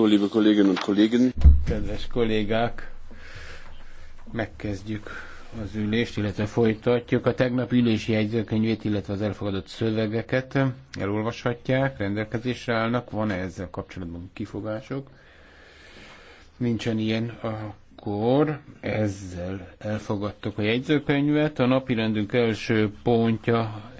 liebe Kolleginnen und Kollegen. Kedves kollégák, megkezdjük az ülést, illetve folytatjuk a tegnap ülési jegyzőkönyvét, illetve az elfogadott szövegeket. Elolvashatják, rendelkezésre állnak. Van-e ezzel kapcsolatban kifogások? Nincsen ilyen, akkor ezzel elfogadtuk a jegyzőkönyvet. A napi rendünk első pontja